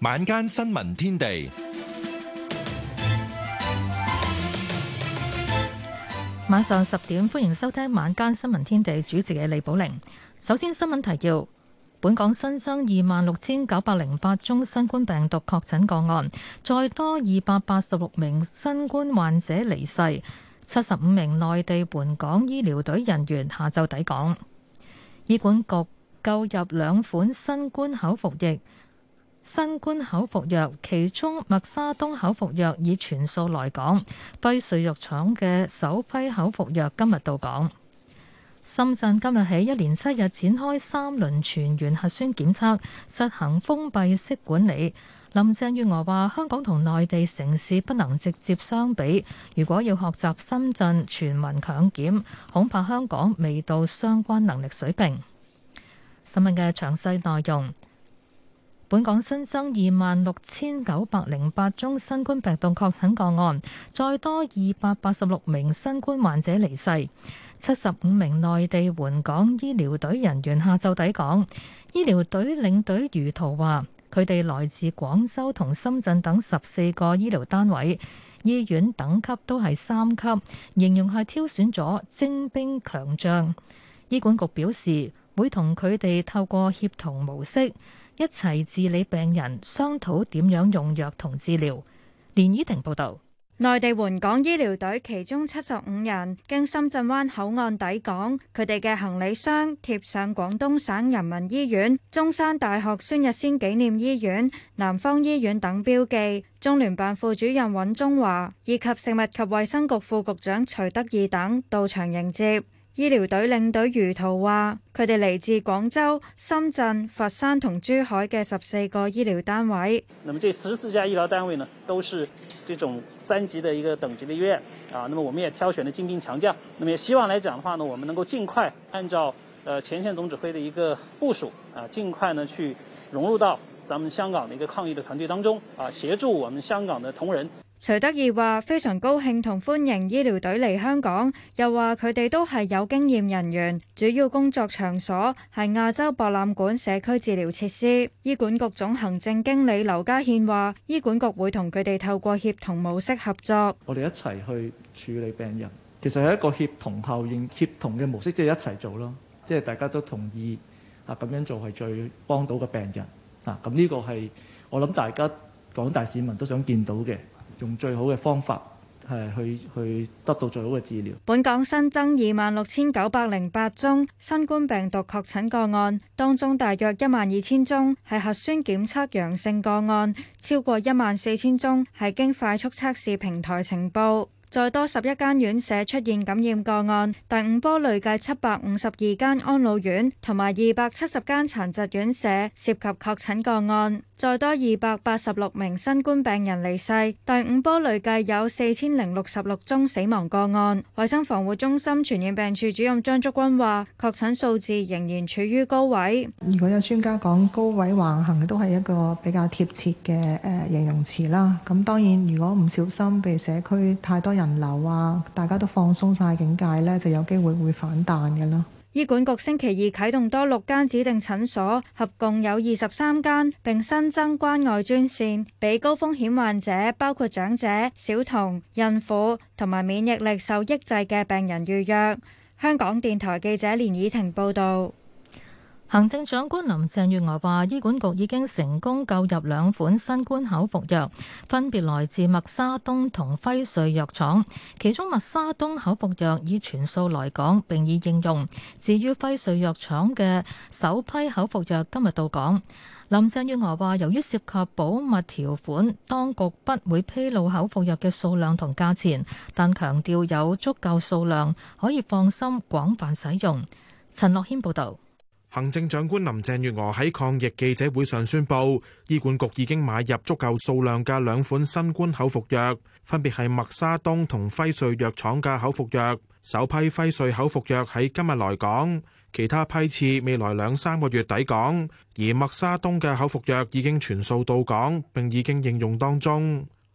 晚間新聞天地，晚上十點歡迎收聽晚間新聞天地。主持嘅李寶玲。首先，新聞提要：本港新增二萬六千九百零八宗新冠病毒確診個案，再多二百八十六名新冠患者離世，七十五名內地援港醫療隊人員下晝抵港。醫管局購入兩款新冠口服液。新冠口服藥，其中默沙東口服藥已全數來港，輝瑞藥廠嘅首批口服藥今日到港。深圳今日起一連七日展開三輪全員核酸檢測，實行封閉式管理。林鄭月娥話：香港同內地城市不能直接相比，如果要學習深圳全民強檢，恐怕香港未到相關能力水平。新聞嘅詳細內容。本港新增二萬六千九百零八宗新冠病毒確診個案，再多二百八十六名新冠患者離世。七十五名內地援港醫療隊人員下晝抵港，醫療隊領隊余濤話，佢哋來自廣州同深圳等十四個醫療單位，醫院等級都係三級，形容係挑選咗精兵強將。醫管局表示會同佢哋透過協同模式。一齊治理病人，商討點樣用藥同治療。連綺婷報道，內地援港醫療隊其中七十五人經深圳灣口岸抵港，佢哋嘅行李箱貼上廣東省人民醫院、中山大學孫逸仙紀念醫院、南方醫院等標記。中聯辦副主任尹宗華，以及食物及衛生局副局長徐德義等到場迎接。醫療隊領隊余濤話：佢哋嚟自廣州、深圳、佛山同珠海嘅十四個醫療單位。那啊，這十四家醫療單位呢，都是這種三級的一個等級的醫院。啊，那麼我們也挑選了精兵強將，那麼也希望嚟講的話呢，我們能夠盡快按照呃前線總指揮的一個部署，啊，盡快呢去融入到，咱們，香港的一個抗疫的團隊當中，啊，協助我們香港的同仁。徐德義話：非常高興同歡迎醫療隊嚟香港，又話佢哋都係有經驗人員。主要工作場所係亞洲博覽館社區治療設施。醫管局總行政經理劉家憲話：醫管局會同佢哋透過協同模式合作，我哋一齊去處理病人，其實係一個協同效應、協同嘅模式，即係一齊做咯，即係大家都同意啊咁樣做係最幫到嘅病人啊。咁呢個係我諗大家廣大市民都想見到嘅。用最好嘅方法，係去去得到最好嘅治療。本港新增二萬六千九百零八宗新冠病毒確診個案，當中大約一萬二千宗係核酸檢測陽性個案，超過一萬四千宗係經快速測試平台呈報。再多十一間院舍出現感染個案，第五波累計七百五十二間安老院同埋二百七十間殘疾院舍涉及確診個案，再多二百八十六名新冠病人離世，第五波累計有四千零六十六宗死亡個案。衛生防護中心傳染病處主任張竹君話，確診數字仍然處於高位。如果有專家講高位橫行嘅都係一個比較貼切嘅誒形容詞啦。咁當然，如果唔小心被社區太多。人流啊，大家都放鬆晒警戒咧，就有機會會反彈嘅啦。醫管局星期二啟動多六間指定診所，合共有二十三間，並新增關愛專線俾高風險患者，包括長者、小童、孕婦同埋免疫力受抑制嘅病人預約。香港電台記者連倚婷報道。行政長官林鄭月娥話：醫管局已經成功購入兩款新冠口服藥，分別來自麥沙東同輝瑞藥廠。其中麥沙東口服藥已全數來港並已應用。至於輝瑞藥廠嘅首批口服藥今日到港。林鄭月娥話：由於涉及保密條款，當局不會披露口服藥嘅數量同價錢，但強調有足夠數量可以放心廣泛使用。陳樂軒報導。行政長官林鄭月娥喺抗疫記者會上宣布，醫管局已經買入足夠數量嘅兩款新冠口服藥，分別係默沙東同輝瑞藥廠嘅口服藥。首批輝瑞口服藥喺今日來港，其他批次未來兩三個月抵港，而默沙東嘅口服藥已經全數到港，並已經應用當中。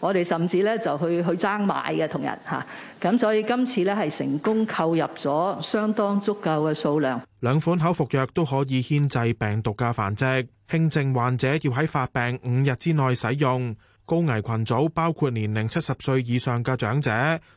我哋甚至咧就去去爭買嘅，同日吓，咁所以今次咧係成功購入咗相當足夠嘅數量。兩款口服藥都可以牽制病毒嘅繁殖，輕症患者要喺發病五日之內使用。高危群組包括年齡七十歲以上嘅長者、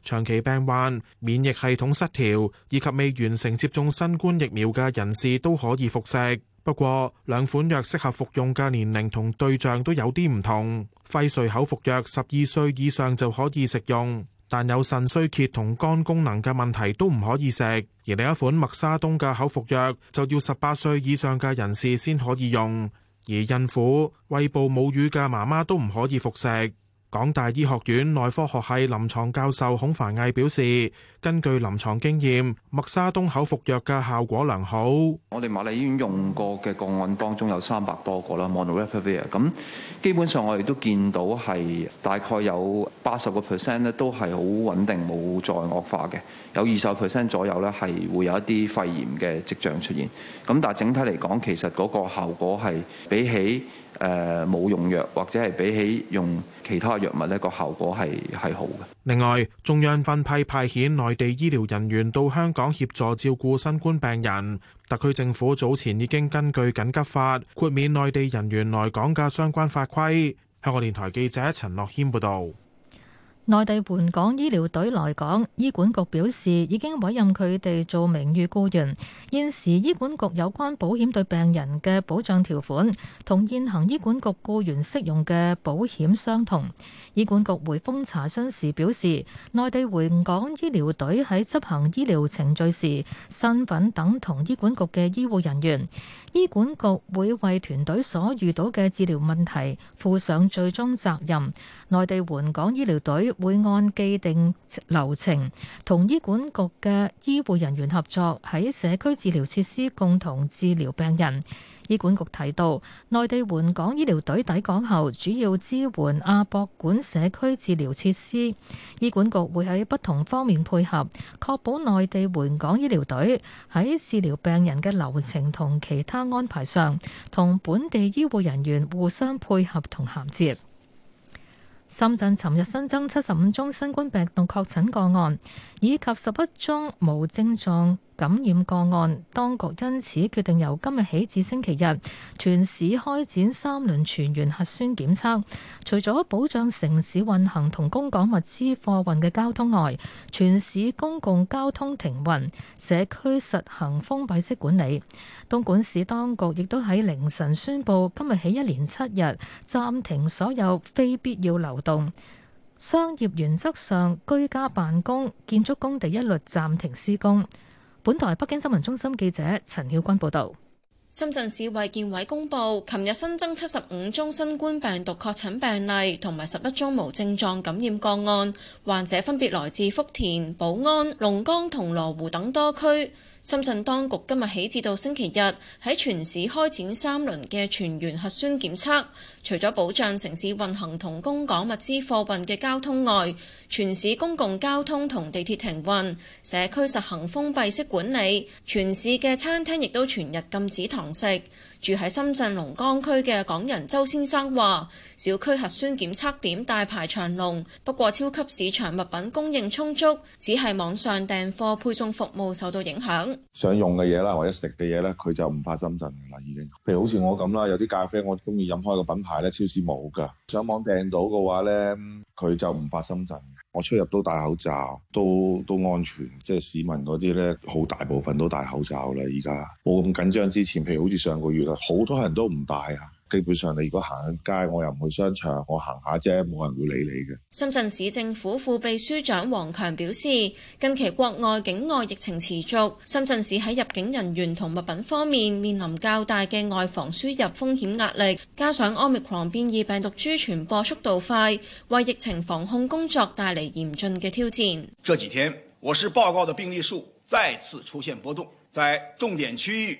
長期病患、免疫系統失調以及未完成接種新冠疫苗嘅人士都可以服食。不過兩款藥適合服用嘅年齡同對象都有啲唔同。輝瑞口服藥十二歲以上就可以食用，但有腎衰竭同肝功能嘅問題都唔可以食。而另一款默沙東嘅口服藥就要十八歲以上嘅人士先可以用。而孕婦、餵哺母乳嘅媽媽都唔可以服食。港大醫學院內科學系臨床教授孔凡毅表示，根據臨床經驗，默沙東口服藥嘅效果良好。我哋瑪麗醫院用過嘅個案當中有三百多個啦，Molnupiravir 咁，基本上我哋都見到係大概有八十個 percent 咧，都係好穩定，冇再惡化嘅。有二十 percent 左右咧，係會有一啲肺炎嘅跡象出現。咁但係整體嚟講，其實嗰個效果係比起。誒冇用藥，或者係比起用其他藥物，呢個效果係係好嘅。另外，中央分批派遣內地醫療人員到香港協助照顧新冠病人。特區政府早前已經根據緊急法豁免內地人員來港嘅相關法規。香港電台記者陳樂軒報導。內地援港醫療隊來港，醫管局表示已經委任佢哋做名譽雇員。現時醫管局有關保險對病人嘅保障條款，同現行醫管局雇員適用嘅保險相同。醫管局回覆查詢時表示，內地援港醫療隊喺執行醫療程序時，身份等同醫管局嘅醫護人員。醫管局會為團隊所遇到嘅治療問題負上最終責任。內地援港醫療隊會按既定流程，同醫管局嘅醫護人員合作，喺社區治療設施共同治療病人。醫管局提到，內地援港醫療隊抵港後，主要支援亞博館社區治療設施。醫管局會喺不同方面配合，確保內地援港醫療隊喺治療病人嘅流程同其他安排上，同本地醫護人員互相配合同銜接。深圳尋日新增七十五宗新冠病毒確診個案，以及十一宗無症狀感染個案，當局因此決定由今日起至星期日全市開展三輪全員核酸檢測。除咗保障城市運行同供港物資貨運嘅交通外，全市公共交通停運，社區實行封閉式管理。東莞市當局亦都喺凌晨宣布，今日起一連七日暫停所有非必要流動商業，原則上居家辦公、建築工地一律暫停施工。本台北京新聞中心記者陳曉君報道，深圳市衛健委公布，琴日新增七十五宗新冠病毒確診病例，同埋十一宗無症狀感染個案，患者分別來自福田、寶安、龍崗同羅湖等多區。深圳當局今日起至到星期日，喺全市開展三輪嘅全員核酸檢測。除咗保障城市運行同供港物資貨運嘅交通外，全市公共交通同地鐵停運，社區實行封閉式管理，全市嘅餐廳亦都全日禁止堂食。住喺深圳龍崗區嘅港人周先生話，小區核酸檢測點大排長龍，不過超級市場物品供應充足，只係網上訂貨配送服務受到影響。想用嘅嘢啦，或者食嘅嘢咧，佢就唔發深圳噶啦，已經。譬如好似我咁啦，有啲咖啡我中意飲開個品牌咧，超市冇噶，上網訂到嘅話咧，佢就唔發深圳。我出入都戴口罩，都都安全。即係市民嗰啲咧，好大部分都戴口罩啦。而家冇咁緊張。之前，譬如好似上個月啊，好多人都唔戴啊。基本上，你如果行街，我又唔去商場，我行下啫，冇人會理你嘅。深圳市政府副秘書長王強表示，近期國外境外疫情持續，深圳市喺入境人員同物品方面面臨較大嘅外防輸入風險壓力，加上奧密克戎變異病毒株傳播速度快，為疫情防控工作帶嚟嚴峻嘅挑戰。這幾天，我市報告的病例數再次出現波動，在重點區域。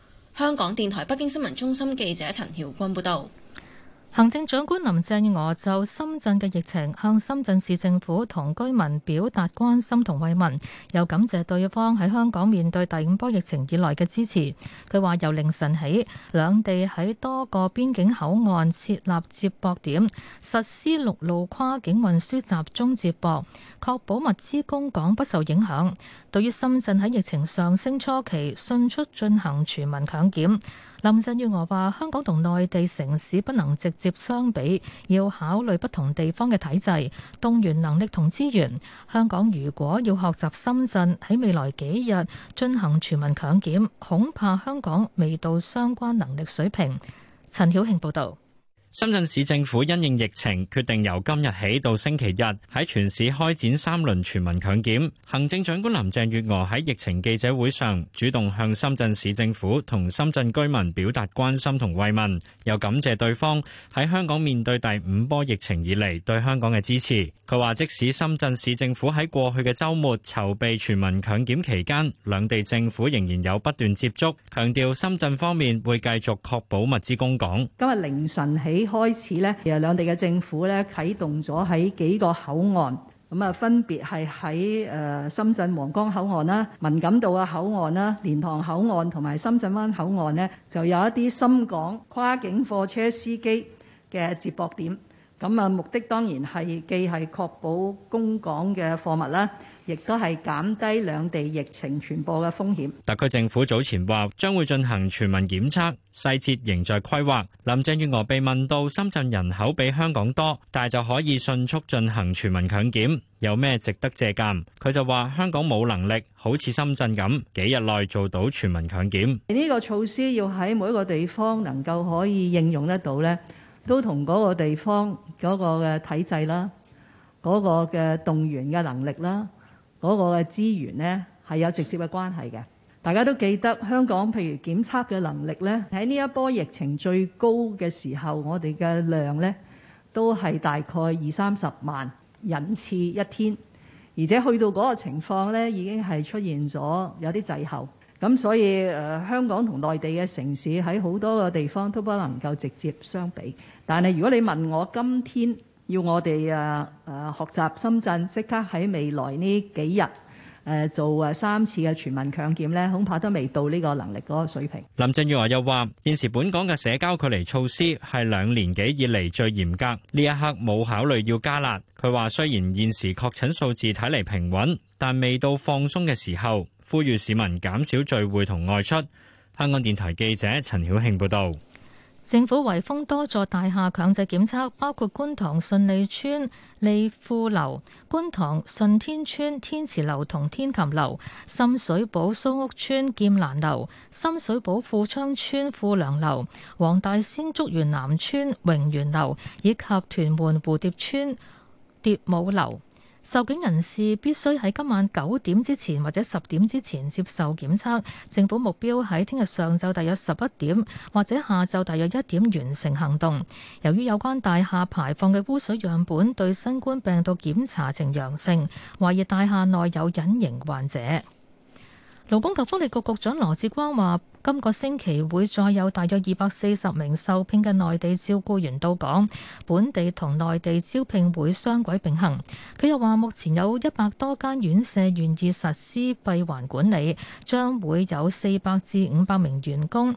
香港電台北京新聞中心記者陳曉君報道。行政長官林鄭月娥就深圳嘅疫情向深圳市政府同居民表達關心同慰問，又感謝對方喺香港面對第五波疫情以來嘅支持。佢話由凌晨起，兩地喺多個邊境口岸設立接駁點，實施陸路跨境運輸集，集中接駁，確保物資供港不受影響。對於深圳喺疫情上升初期迅速進行全民強檢。林鄭月娥話：香港同內地城市不能直接相比，要考慮不同地方嘅體制、動員能力同資源。香港如果要學習深圳喺未來幾日進行全民強檢，恐怕香港未到相關能力水平。陳曉慶報道。深圳市政府因應疫情，決定由今日起到星期日喺全市開展三輪全民強檢。行政長官林鄭月娥喺疫情記者會上主動向深圳市政府同深圳居民表達關心同慰問，又感謝對方喺香港面對第五波疫情以嚟對香港嘅支持。佢話即使深圳市政府喺過去嘅周末籌備全民強檢期間，兩地政府仍然有不斷接觸，強調深圳方面會繼續確保物資供港。今日凌晨起開始咧，其實兩地嘅政府咧，啟動咗喺幾個口岸，咁啊分別係喺誒深圳皇崗口岸啦、文錦渡嘅口岸啦、蓮塘口岸同埋深圳灣口岸呢就有一啲深港跨境貨車司機嘅接駁點。咁啊，目的當然係既係確保供港嘅貨物啦。亦都係減低兩地疫情傳播嘅風險。特區政府早前話將會進行全民檢測，細節仍在規劃。林鄭月娥被問到深圳人口比香港多，但係就可以迅速進行全民強檢，有咩值得借鑑？佢就話香港冇能力好似深圳咁幾日內做到全民強檢。呢個措施要喺每一個地方能夠可以應用得到呢，都同嗰個地方嗰個嘅體制啦，嗰個嘅動員嘅能力啦。嗰個嘅資源呢係有直接嘅關係嘅，大家都記得香港譬如檢測嘅能力呢，喺呢一波疫情最高嘅時候，我哋嘅量呢都係大概二三十萬人次一天，而且去到嗰個情況呢已經係出現咗有啲滯後，咁所以誒、呃、香港同內地嘅城市喺好多個地方都不能夠直接相比，但係如果你問我今天，要我哋啊啊學習深圳，即刻喺未來呢幾日誒做誒三次嘅全民強檢呢，恐怕都未到呢個能力嗰個水平。林鄭月娥又話：現時本港嘅社交距離措施係兩年幾以嚟最嚴格，呢一刻冇考慮要加辣。佢話雖然現時確診數字睇嚟平穩，但未到放鬆嘅時候，呼籲市民減少聚會同外出。香港電台記者陳曉慶報道。政府圍封多座大廈強制檢測，包括觀塘順利邨、利富樓、觀塘順天邨、天池樓同天琴樓、深水埗蘇屋邨劍蘭樓、深水埗富昌邨富良樓、黃大仙竹園南邨榮園樓以及屯門蝴蝶邨蝶舞樓。受檢人士必須喺今晚九點之前或者十點之前接受檢測。政府目標喺聽日上晝大約十一點或者下晝大約一點完成行動。由於有關大廈排放嘅污水樣本對新冠病毒檢查呈陽性，懷疑大廈內有隱形患者。勞工及福利局局長羅致光話。今個星期會再有大約二百四十名受聘嘅內地照顧員到港，本地同內地招聘會雙軌並行。佢又話，目前有一百多間院舍願意實施閉環管理，將會有四百至五百名員工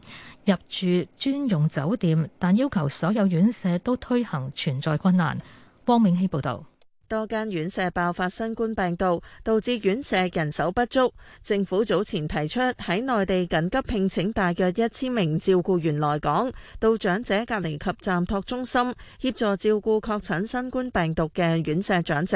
入住專用酒店，但要求所有院舍都推行存在困難。汪永熙報導。多間院舍爆發新冠病毒，導致院舍人手不足。政府早前提出喺內地緊急聘請大約一千名照顧員來港，到長者隔離及暫托中心協助照顧確診新冠病毒嘅院舍長者。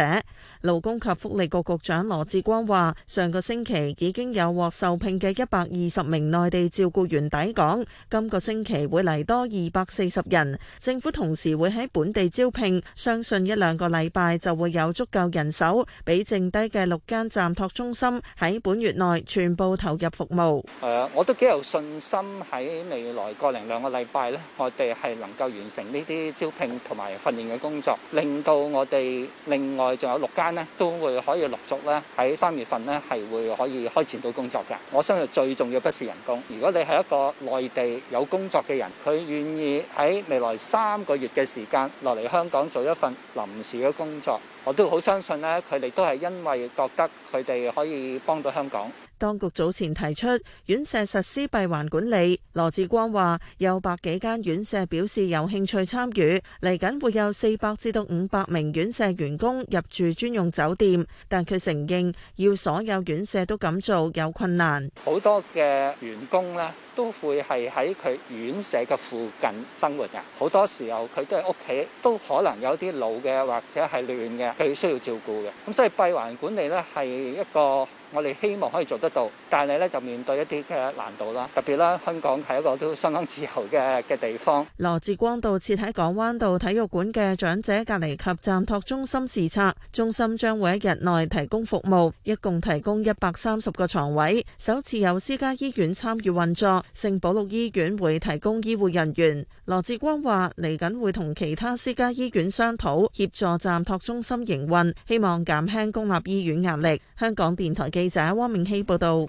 勞工及福利局局長羅志光話，上個星期已經有獲受聘嘅一百二十名內地照顧員抵港，今個星期會嚟多二百四十人。政府同時會喺本地招聘，相信一兩個禮拜就會，會有足夠人手，俾剩低嘅六間暫託中心喺本月內全部投入服務。係啊，我都幾有信心喺未來個零兩個禮拜呢，我哋係能夠完成呢啲招聘同埋訓練嘅工作，令到我哋另外仲有六間呢都會可以陸續呢喺三月份呢係會可以開展到工作嘅。我相信最重要不是人工。如果你係一個內地有工作嘅人，佢願意喺未來三個月嘅時間落嚟香港做一份臨時嘅工作。我都好相信咧，佢哋都係因為覺得佢哋可以幫到香港。當局早前提出院舍實施閉環管理，羅致光話有百幾間院舍表示有興趣參與，嚟緊會有四百至到五百名院舍員工入住專用酒店，但佢承認要所有院舍都咁做有困難。好多嘅員工咧都會係喺佢院舍嘅附近生活㗎，好多時候佢都係屋企，都可能有啲老嘅或者係亂嘅，佢需要照顧嘅，咁所以閉環管理咧係一個。我哋希望可以做得到，但係咧就面對一啲嘅難度啦，特別啦香港係一個都相當自由嘅嘅地方。羅志光到設喺港灣道體育館嘅長者隔離及暫托中心視察，中心將會喺一日內提供服務，一共提供一百三十個床位。首次有私家醫院參與運作，聖保祿醫院會提供醫護人員。羅志光話嚟緊會同其他私家醫院商討協助暫托中心營運，希望減輕公立醫院壓力。香港電台嘅。記者汪明熙報道，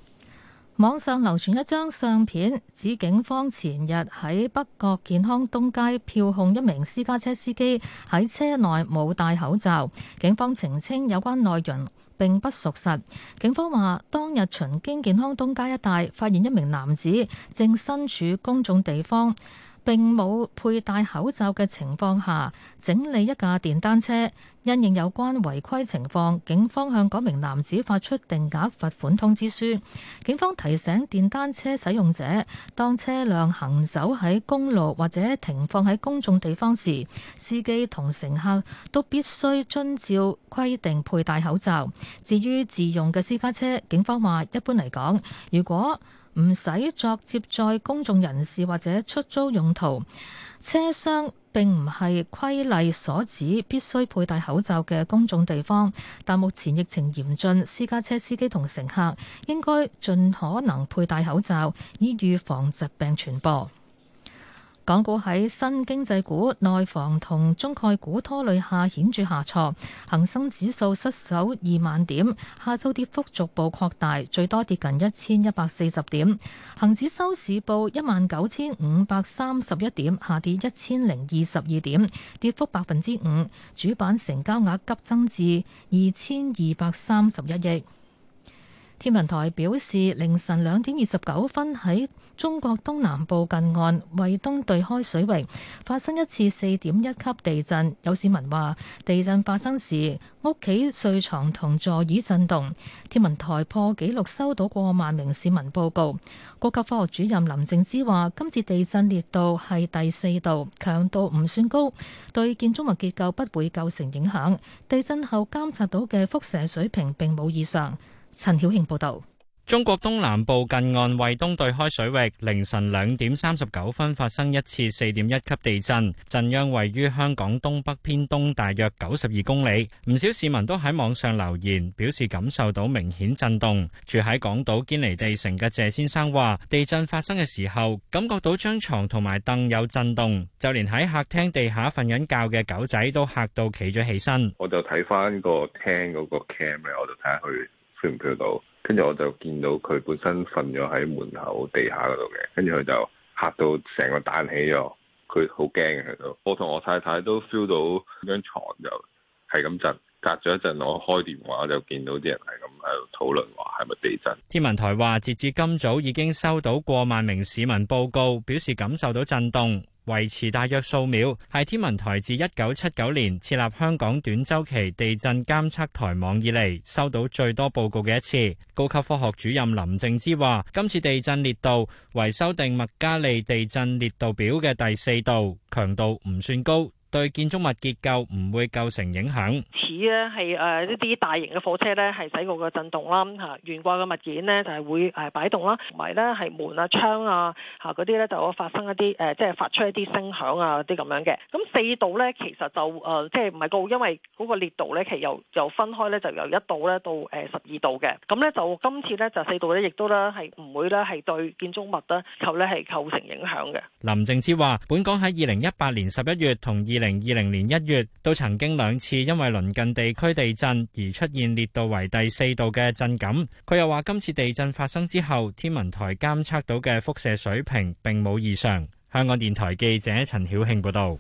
網上流傳一張相片，指警方前日喺北角健康東街票控一名私家車司機喺車內冇戴口罩。警方澄清有關內容並不屬實。警方話，當日巡經健康東街一帶，發現一名男子正身處公衆地方。並冇佩戴口罩嘅情況下，整理一架電單車，因應有關違規情況，警方向嗰名男子發出定額罰款通知書。警方提醒電單車使用者，當車輛行走喺公路或者停放喺公眾地方時，司機同乘客都必須遵照規定佩戴口罩。至於自用嘅私家車，警方話一般嚟講，如果唔使作接載公眾人士或者出租用途，車廂並唔係規例所指必須佩戴口罩嘅公眾地方，但目前疫情嚴峻，私家車司機同乘客應該盡可能佩戴口罩，以預防疾病傳播。港股喺新經濟股、內房同中概股拖累下，顯著下挫，恒生指數失守二萬點。下週跌幅逐步擴大，最多跌近一千一百四十點。恒指收市報一萬九千五百三十一點，下跌一千零二十二點，跌幅百分之五。主板成交額急增至二千二百三十一億。天文台表示，凌晨兩點二十九分喺中國東南部近岸惠東對開水域發生一次四點一級地震。有市民話，地震發生時屋企睡床同座椅震動。天文台破紀錄收到過萬名市民報告。高級科學主任林靜芝話，今次地震烈度係第四度，強度唔算高，對建築物結構不會構成影響。地震後監測到嘅輻射水平並冇異常。陳曉慶報道：中國東南部近岸惠東對開水域凌晨兩點三十九分發生一次四點一級地震，震央位於香港東北偏東大約九十二公里。唔少市民都喺網上留言，表示感受到明顯震動。住喺港島堅尼地城嘅謝先生話：地震發生嘅時候，感覺到張床同埋凳有震動，就連喺客廳地下瞓緊覺嘅狗仔都嚇到企咗起身。我就睇翻個廳嗰個 cam 咧，我就睇下佢。feel 唔 feel 到？跟住我就見到佢本身瞓咗喺門口地下嗰度嘅，跟住佢就嚇到成個彈起咗，佢好驚，佢就我同我太太都 feel 到張床就係咁震，隔咗一陣，我開電話就見到啲人係咁喺度討論話係咪地震。天文台話，截至今早已經收到過萬名市民報告，表示感受到震動。維持大約數秒，係天文台自一九七九年設立香港短周期地震監測台網以嚟收到最多報告嘅一次。高級科學主任林靜芝話，今次地震烈度為修訂麥加利地震烈度表嘅第四度，強度唔算高。對建築物結構唔會構成影響。似咧係誒一啲大型嘅火車咧，係使到個震動啦吓，懸掛嘅物件咧就係會誒擺動啦，同埋咧係門啊窗啊吓嗰啲咧就發生一啲誒即係發出一啲聲響啊啲咁樣嘅。咁四度咧其實就誒即係唔係高，因為嗰個烈度咧係由由分開咧就由一度咧到誒十二度嘅。咁咧就今次咧就四度咧亦都咧係唔會咧係對建築物咧構咧係構成影響嘅。林靜芝話：本港喺二零一八年十一月同二。零二零年一月都曾經兩次因為鄰近地區地震而出現烈度為第四度嘅震感。佢又話今次地震發生之後天文台監測到嘅輻射水平並冇異常。香港電台記者陳曉慶報道。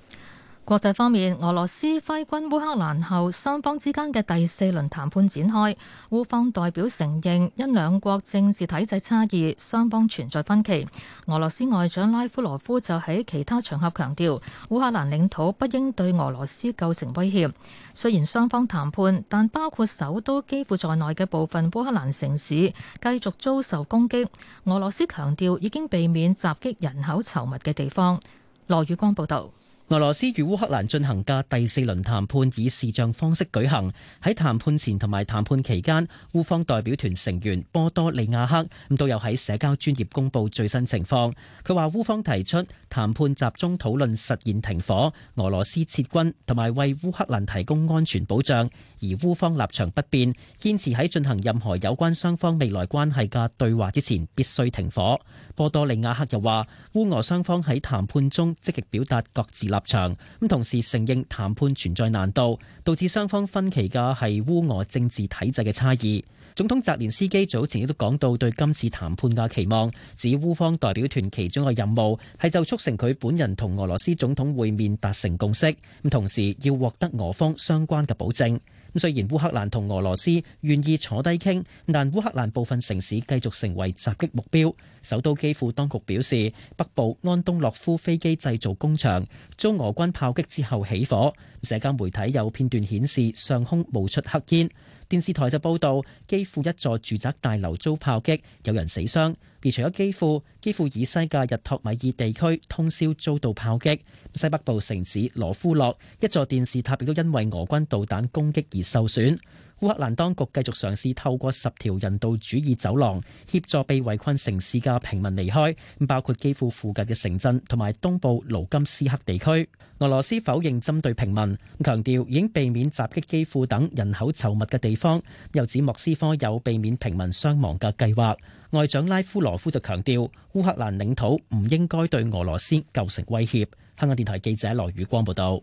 國際方面，俄羅斯揮軍烏克蘭後，雙方之間嘅第四輪談判展開。烏方代表承認，因兩國政治體制差異，雙方存在分歧。俄羅斯外長拉夫羅夫就喺其他場合強調，烏克蘭領土不應對俄羅斯構成威脅。雖然雙方談判，但包括首都基輔在內嘅部分烏克蘭城市繼續遭受攻擊。俄羅斯強調已經避免襲擊人口稠密嘅地方。羅宇光報導。俄羅斯與烏克蘭進行嘅第四輪談判以視像方式舉行。喺談判前同埋談判期間，烏方代表團成員波多利亞克咁都有喺社交專頁公布最新情況。佢話烏方提出談判集中討論實現停火、俄羅斯撤軍同埋為烏克蘭提供安全保障。而烏方立場不變，堅持喺進行任何有關雙方未來關係嘅對話之前，必須停火。波多利亞克又話，烏俄雙方喺談判中積極表達各自立場，咁同時承認談判存在難度，導致雙方分歧嘅係烏俄政治體制嘅差異。總統澤連斯基早前亦都講到對今次談判嘅期望，指烏方代表團其中嘅任務，係就促成佢本人同俄羅斯總統會面達成共識，咁同時要獲得俄方相關嘅保證。雖然烏克蘭同俄羅斯願意坐低傾，但烏克蘭部分城市繼續成為襲擊目標。首都基輔當局表示，北部安東諾夫飛機製造工場遭俄軍炮擊之後起火，社交媒體有片段顯示上空冒出黑煙。電視台就報道，基輔一座住宅大樓遭炮擊，有人死傷。而除咗基輔，基輔以西嘅日托米爾地區通宵遭到炮擊，西北部城市羅夫諾一座電視塔亦都因為俄軍導彈攻擊而受損。烏克蘭當局繼續嘗試透過十條人道主義走廊協助被圍困城市嘅平民離開，包括基輔附近嘅城鎮同埋東部盧甘斯克地區。俄羅斯否認針對平民，強調已經避免襲擊基輔等人口稠密嘅地方，又指莫斯科有避免平民傷亡嘅計劃。外長拉夫羅夫就強調烏克蘭領土唔應該對俄羅斯構成威脅。香港電台記者羅宇光報道。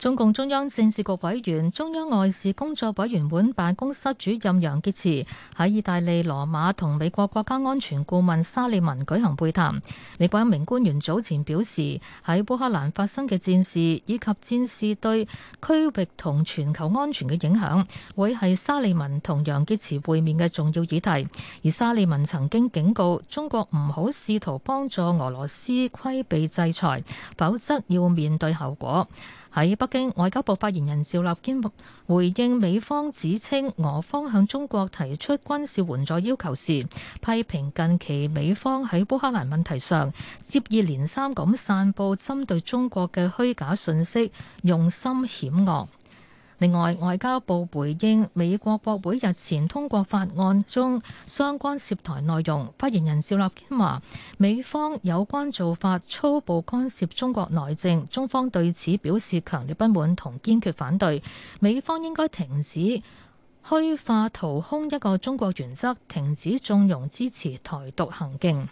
中共中央政治局委員中央外事工作委員會辦公室主任楊潔篪喺意大利羅馬同美國國家安全顧問沙利文舉行會談，美國一名官員早前表示，喺烏克蘭發生嘅戰事以及戰事對區域同全球安全嘅影響會，係沙利文同楊潔篪會面嘅重要議題，而沙利文曾經警告中國唔好試圖幫助俄羅斯規避制裁，否則要面對後果。喺北京，外交部發言人趙立堅回應美方指稱俄方向中國提出軍事援助要求時，批評近期美方喺烏克蘭問題上接二連三咁散佈針對中國嘅虛假信息，用心險惡。另外，外交部回應美國國會日前通過法案中相關涉台內容，發言人趙立堅話：美方有關做法粗暴干涉中國內政，中方對此表示強烈不滿同堅決反對。美方應該停止虛化掏空一個中國原則，停止縱容支持台獨行徑。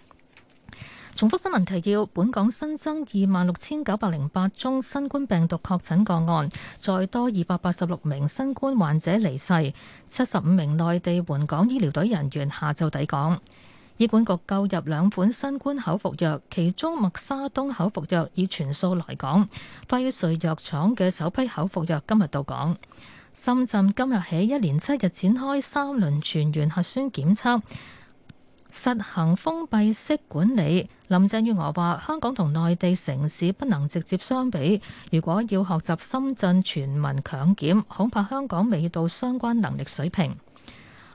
重複新聞提要：本港新增二萬六千九百零八宗新冠病毒確診個案，再多二百八十六名新冠患者離世，七十五名內地援港醫療隊人員下晝抵港。醫管局購入兩款新冠口服藥，其中默沙東口服藥已全數來港，輝瑞藥廠嘅首批口服藥今日到港。深圳今日起一連七日展開三輪全員核酸檢測。實行封閉式管理，林鄭月娥話：香港同內地城市不能直接相比，如果要學習深圳全民強檢，恐怕香港未到相關能力水平。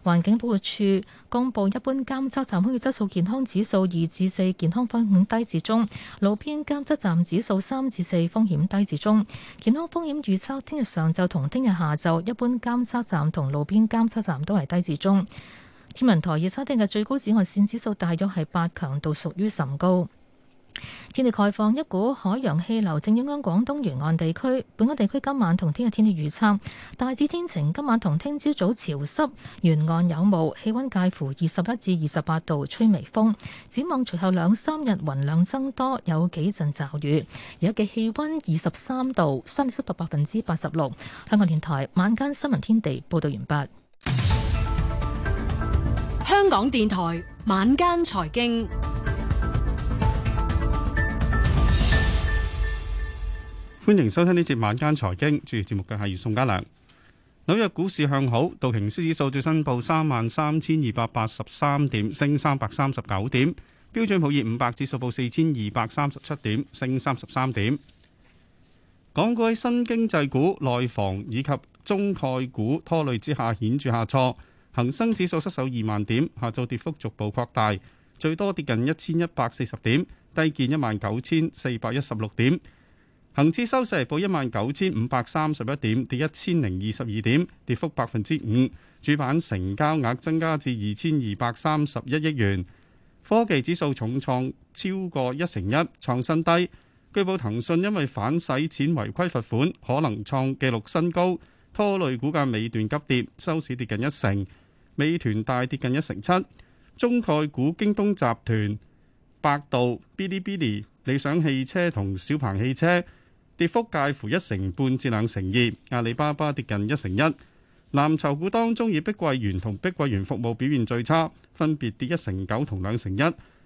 環境保護署公布一般監測站空氣質素健康指數二至四，健康風險低至中；路邊監測站指數三至四，風險低至中。健康風險預測，聽日上晝同聽日下晝，一般監測站同路邊監測站都係低至中。天文台熱測定嘅最高紫外線指數大約係八，強度屬於甚高。天氣概況，一股海洋氣流正影響廣東沿岸地區。本港地區今晚同聽日天氣預測大致天晴，今晚同聽朝早潮濕，沿岸有霧，氣温介乎二十一至二十八度，吹微風。展望隨後兩三日雲量增多，有幾陣驟雨。而家嘅氣温二十三度，相對濕度百分之八十六。香港電台晚間新聞天地報道完畢。香港電台晚間財經，歡迎收聽呢節晚間財經。主持節目嘅係宋家良。紐約股市向好，道瓊斯指數最新報三萬三千二百八十三點，升三百三十九點；標準普爾五百指數報四千二百三十七點，升三十三點。港股喺新經濟股、內房以及中概股拖累之下，顯著下挫。恒生指數失守二萬點，下晝跌幅逐步擴大，最多跌近一千一百四十點，低見一萬九千四百一十六點。恒指收市報一萬九千五百三十一點，跌一千零二十二點，跌幅百分之五。主板成交額增加至二千二百三十一億元。科技指數重創超過一成一，創新低。據報騰訊因為反洗錢違規罰款，可能創紀錄新高，拖累股價尾段急跌，收市跌近一成。美團大跌近一成七，中概股京東集團、百度、嗶哩嗶哩、理想汽車同小鵬汽車跌幅介乎一成半至兩成二，阿里巴巴跌近一成一。藍籌股當中，以碧桂園同碧桂園服務表現最差，分別跌一成九同兩成一。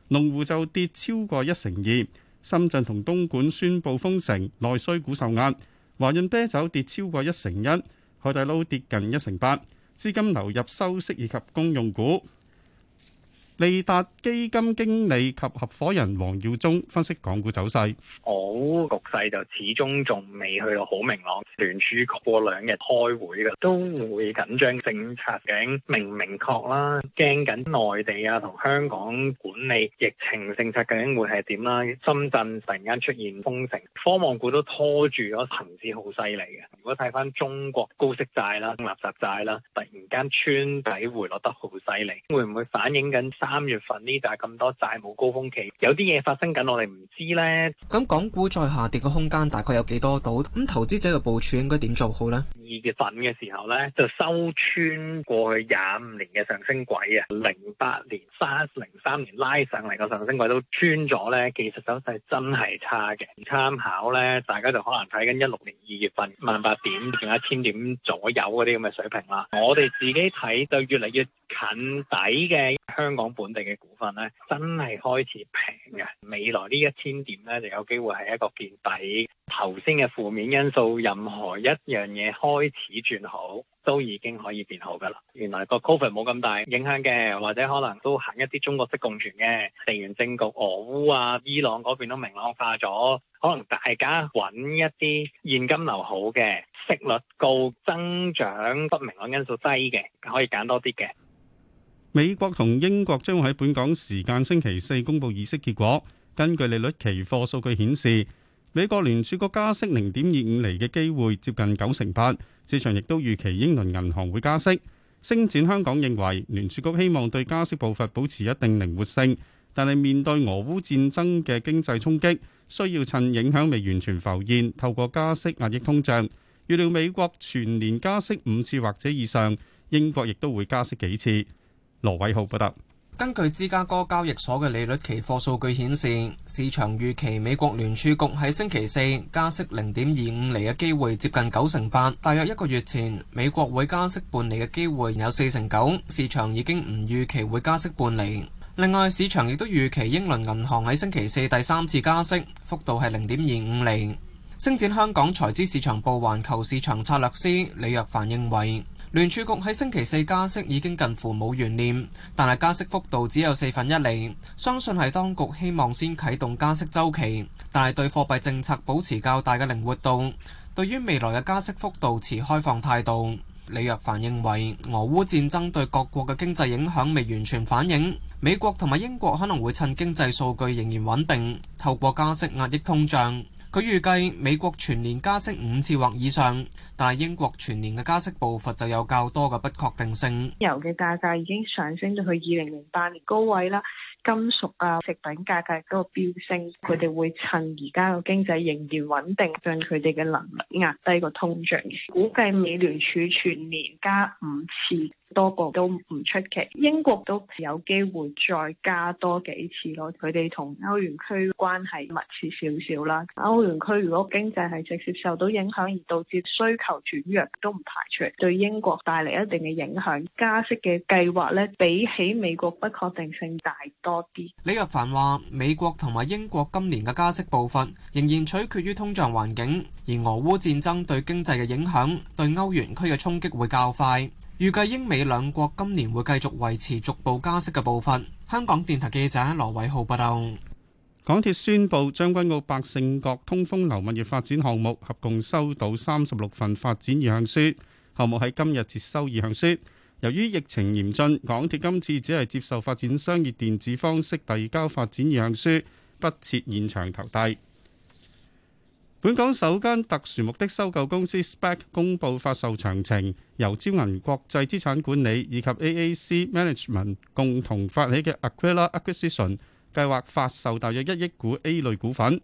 龍湖就跌超過一成二。深圳同東莞宣布封城，內需股受壓，華潤啤酒跌超過一成一，海底撈跌近一成八。資金流入收息以及公用股。利達基金經理及合夥人黃耀忠分析港股走勢。好、哦，局勢就始終仲未去到好明朗。聯儲過兩日開會嘅，都會緊張政策究竟明唔明確啦，驚緊內地啊同香港管理疫情政策究竟會係點啦。深圳突然間出現封城，科網股都拖住咗恒指好犀利嘅。如果睇翻中國高息債啦、垃圾債啦，突然間穿底回落得好犀利，會唔會反映緊？三月份呢就係咁多債務高峰期，有啲嘢發生緊，我哋唔知呢。咁港股再下跌嘅空間大概有幾多度？咁投資者嘅部署應該點做好呢？二月份嘅時候呢，就收穿過去廿五年嘅上升軌啊，零八年、三零三年拉上嚟個上升軌都穿咗呢。技術走勢真係差嘅。參考呢，大家就可能睇緊一六年二月份萬八點，仲有一千點左右嗰啲咁嘅水平啦。我哋自己睇就越嚟越。近底嘅香港本地嘅股份咧，真係開始平嘅。未來呢一千點咧，就有機會係一個見底。頭先嘅負面因素，任何一樣嘢開始轉好，都已經可以變好噶啦。原來個 Covid 冇咁大影響嘅，或者可能都行一啲中國式共存嘅。地緣政局，俄烏啊、伊朗嗰邊都明朗化咗，可能大家揾一啲現金流好嘅，息率高、增長不明朗因素低嘅，可以揀多啲嘅。美國同英國將喺本港時間星期四公布議息結果。根據利率期貨數據顯示，美國聯儲局加息零點二五厘嘅機會接近九成八。市場亦都預期英倫銀行會加息。星展香港認為，聯儲局希望對加息步伐保持一定靈活性，但係面對俄烏戰爭嘅經濟衝擊，需要趁影響未完全浮現，透過加息壓抑通脹。預料美國全年加息五次或者以上，英國亦都會加息幾次。羅偉浩報道，根據芝加哥交易所嘅利率期貨數據顯示，市場預期美國聯儲局喺星期四加息零點二五厘嘅機會接近九成八。大約一個月前，美國會加息半厘嘅機會有四成九，市場已經唔預期會加息半厘。另外，市場亦都預期英倫銀行喺星期四第三次加息，幅度係零點二五厘。星展香港財資市場部環球市場策略師李若凡認為，聯儲局喺星期四加息已經近乎冇懸念，但係加息幅度只有四分一厘。相信係當局希望先啟動加息周期，但係對貨幣政策保持較大嘅靈活度，對於未來嘅加息幅度持開放態度。李若凡認為，俄烏戰爭對各國嘅經濟影響未完全反映，美國同埋英國可能會趁經濟數據仍然穩定，透過加息壓抑通脹。佢預計美國全年加息五次或以上，但係英國全年嘅加息步伐就有較多嘅不確定性。油嘅價格已經上升到去二零零八年高位啦，金屬啊、食品價格嗰個飆升，佢哋會趁而家個經濟仍然穩定，將佢哋嘅能力壓低個通脹。估計美聯儲全年加五次。多個都唔出奇，英國都有機會再加多幾次咯。佢哋同歐元區關係密切少少啦。歐元區如果經濟係直接受到影響，而導致需求轉弱，都唔排除對英國帶嚟一定嘅影響。加息嘅計劃呢，比起美國不確定性大多啲。李若凡話，美國同埋英國今年嘅加息步伐仍然取決於通脹環境，而俄烏戰爭對經濟嘅影響對歐元區嘅衝擊會較快。預計英美兩國今年會繼續維持逐步加息嘅步伐。香港電台記者羅偉浩報道。港鐵宣布將軍澳百勝角通風樓物業發展項目合共收到三十六份發展意向書，項目喺今日接收意向書。由於疫情嚴峻，港鐵今次只係接受發展商業電子方式遞交發展意向書，不設現場投遞。本港首間特殊目的收購公司 SPAC 公布發售詳情，由招銀國際資產管理以及 AAC Management 共同發起嘅 Aquila Acquisition 計劃發售大約一億股 A 類股份。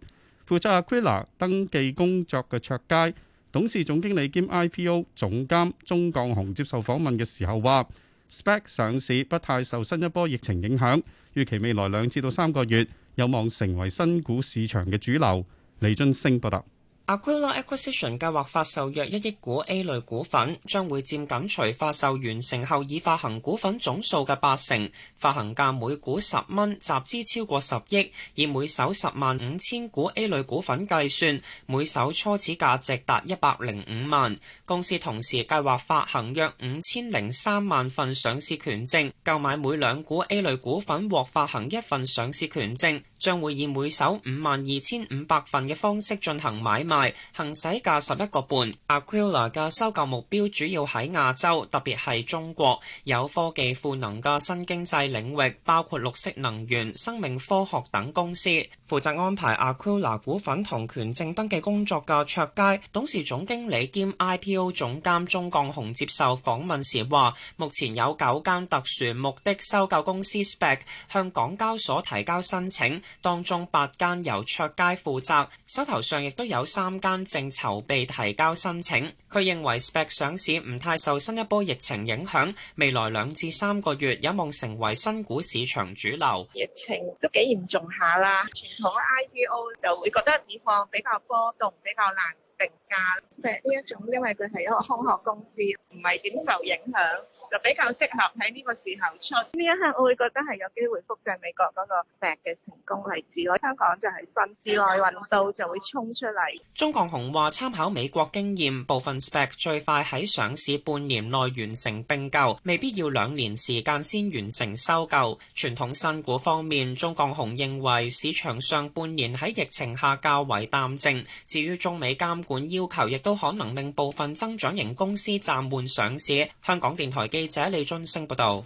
負責 Aquila 登記工作嘅卓佳董事總經理兼 IPO 總監鍾降雄接受訪問嘅時候話：SPAC 上市不太受新一波疫情影響，預期未來兩至到三個月有望成為新股市場嘅主流。李津升報道，Aquila Acquisition 計劃發售約一億股 A 類股份，將會佔緊隨發售完成後已發行股份總數嘅八成。發行價每股十蚊，集資超過十億。以每手十萬五千股 A 類股份計算，每手初始價值達一百零五萬。公司同時計劃發行約五千零三萬份上市權證，購買每兩股 A 類股份獲發行一份上市權證。將會以每手五萬二千五百份嘅方式進行買賣，行使價十一個半。Aquila 嘅收購目標主要喺亞洲，特別係中國，有科技賦能嘅新經濟領域，包括綠色能源、生命科學等公司。負責安排 Aquila 股份同權證登記工作嘅卓佳董事總經理兼 IPO 總監鍾鋼雄接受訪問時話：目前有九間特殊目的收購公司 SPAC 向港交所提交申請，當中八間由卓佳負責，手頭上亦都有三間正籌備提交申請。佢認為 SPAC 上市唔太受新一波疫情影響，未來兩至三個月有望成為新股市場主流。疫情都幾嚴重下啦。同 IPO 就會覺得情況比較波動，比較難。平價，SPAC 呢一種，因為佢係一個空殼公司，唔係點受影響，就比較適合喺呢個時候出。呢一刻我會覺得係有機會複製美國嗰個 SPAC 嘅成功例子咯。香港就係信市內運到就會衝出嚟。鍾國雄話：參考美國經驗，部分 SPAC 最快喺上市半年內完成並購，未必要兩年時間先完成收購。傳統新股方面，鍾國雄認為市場上半年喺疫情下較為淡靜。至於中美監管，本要求亦都可能令部分增長型公司暫緩上市。香港電台記者 李俊升報道。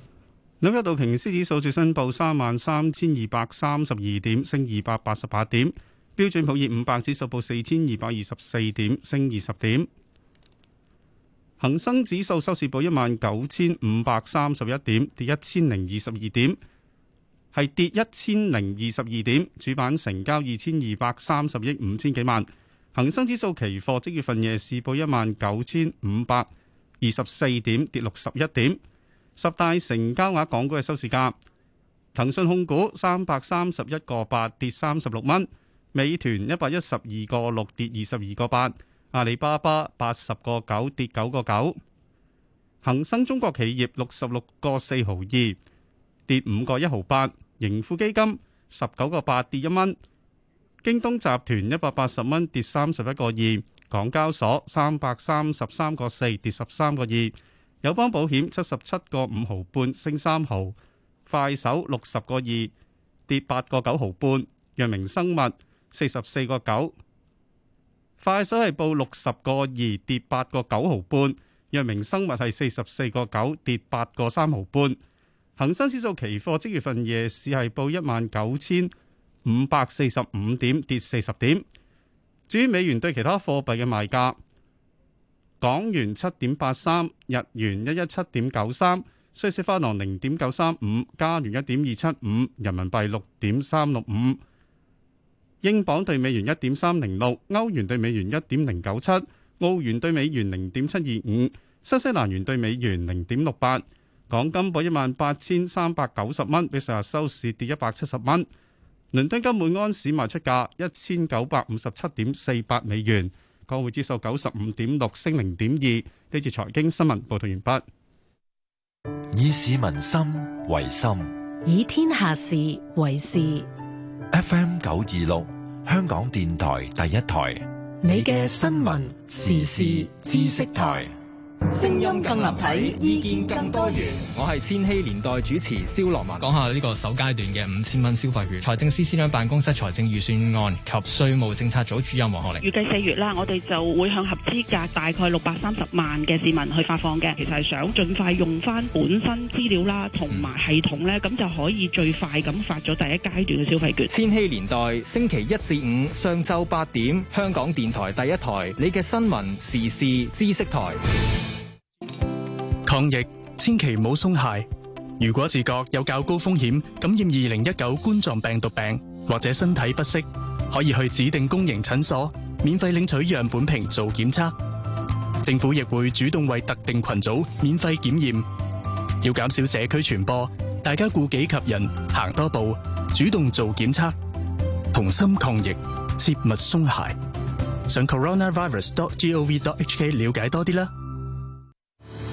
紐約道瓊斯指數最新報三萬三千二百三十二點升二百八十八點，標準普爾五百指數報四千二百二十四點升二十點，恒生指數收市報一萬九千五百三十一點跌一千零二十二點，係跌一千零二十二點，點主板成交二千二百三十億五千幾萬。恒生指數期貨即月份夜市報一萬九千五百二十四點，跌六十一點。十大成交額港股嘅收市價：騰訊控股三百三十一個八，跌三十六蚊；美團一百一十二個六，跌二十二個八；阿里巴巴八十個九，跌九個九。恒生中國企業六十六個四毫二，跌五個一毫八。盈富基金十九個八，跌一蚊。京東集團一百八十蚊，跌三十一個二。港交所，三百三十三個四，跌十三個二。友邦保險，七十七個五毫半，升三毫。快手，六十個二，跌八個九毫半，藥明生物四十四個九。快手係報六十個二，跌八個九毫半。藥明生物係四十四個九，跌八個三毫半。恒生指數期貨即月份夜市係報一萬九千。五百四十五點跌四十點。至於美元對其他貨幣嘅賣價，港元七點八三，日元一一七點九三，瑞士法郎零點九三五，加元一點二七五，人民幣六點三六五，英鎊對美元一點三零六，歐元對美元一點零九七，澳元對美元零點七二五，新西蘭元對美元零點六八。港金報一萬八千三百九十蚊，比上日收市跌一百七十蚊。倫敦金每安士賣出價一千九百五十七點四八美元，港匯指數九十五點六升零點二。呢次財經新聞報道完畢。以市民心為心，以天下事為事。F M 九二六，香港電台第一台，你嘅新聞時事知識台。聲音更立體，意見更多元。我係千禧年代主持蕭樂文，講下呢個首階段嘅五千蚊消費券。財政司司長辦公室財政預算案及稅務政策組主任黃學玲預計四月啦，我哋就會向合資格大概六百三十萬嘅市民去發放嘅。其實係想盡快用翻，本身資料啦，同埋系統咧，咁就可以最快咁發咗第一階段嘅消費券。千禧年代星期一至五上晝八點，香港電台第一台，你嘅新聞時事知識台。抗疫千祈唔好鬆懈。如果自覺有較高風險感染2019冠狀病毒病，或者身體不適，可以去指定公營診所免費領取樣本瓶做檢測。政府亦會主動為特定群組免費檢驗。要減少社區傳播，大家顧己及人，行多步，主動做檢測，同心抗疫，切勿鬆懈。上 coronavirus.gov.hk 了解多啲啦。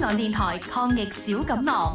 香港電台抗疫小錦囊：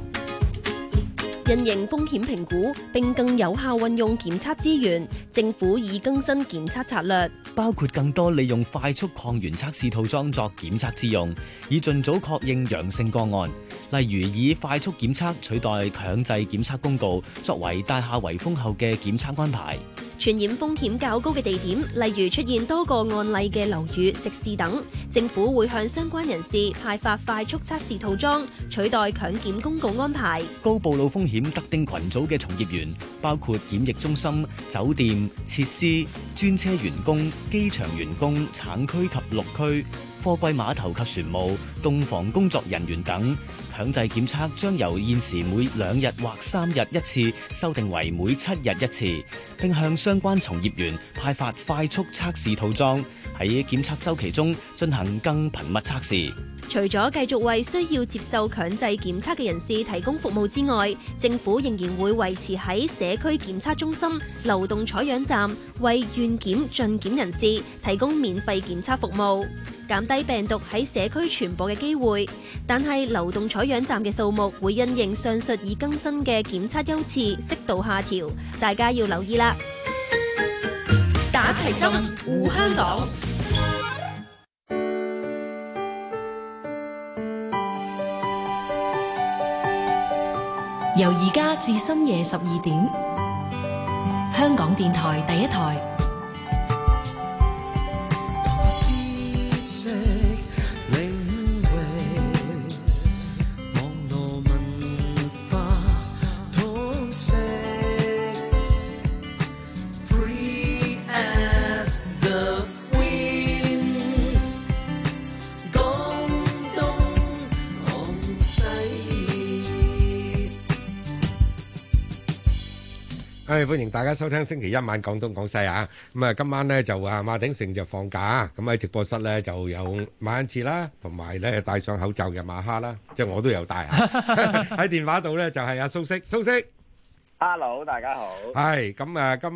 因應風險評估，並更有效運用檢測資源。政府已更新檢測策略，包括更多利用快速抗原測試套裝作檢測之用，以盡早確認陽性個案。例如，以快速檢測取代強制檢測公告，作為大廈圍封後嘅檢測安排。傳染風險較高嘅地點，例如出現多個案例嘅樓宇、食肆等，政府會向相關人士派發快速測試套裝，取代強檢公告安排。高暴露風險特定群組嘅從業員，包括檢疫中心、酒店、設施、專車員工、機場員工、產區及六區。貨櫃碼頭及船務、凍房工作人員等強制檢測將由現時每兩日或三日一次，修訂為每七日一次，並向相關從業員派發快速測試套裝，喺檢測周期中進行更頻密測試。除咗繼續為需要接受強制檢測嘅人士提供服務之外，政府仍然會維持喺社區檢測中心、流動採樣站為願檢盡檢人士提供免費檢測服務，減低病毒喺社區傳播嘅機會。但係流動採樣站嘅數目會因應上述已更新嘅檢測優次，適度下調，大家要留意啦！打齊針，護香港。由而家至深夜十二點，香港電台第一台。歡迎大家收聽星期一晚廣東廣西啊！咁啊今晚咧就阿馬鼎盛就放假，咁喺直播室咧就有馬恩志啦，同埋咧戴上口罩嘅馬哈啦，即係我都有戴啊。喺電話度咧就係阿蘇軾，蘇軾，Hello，大家好。係，咁啊今。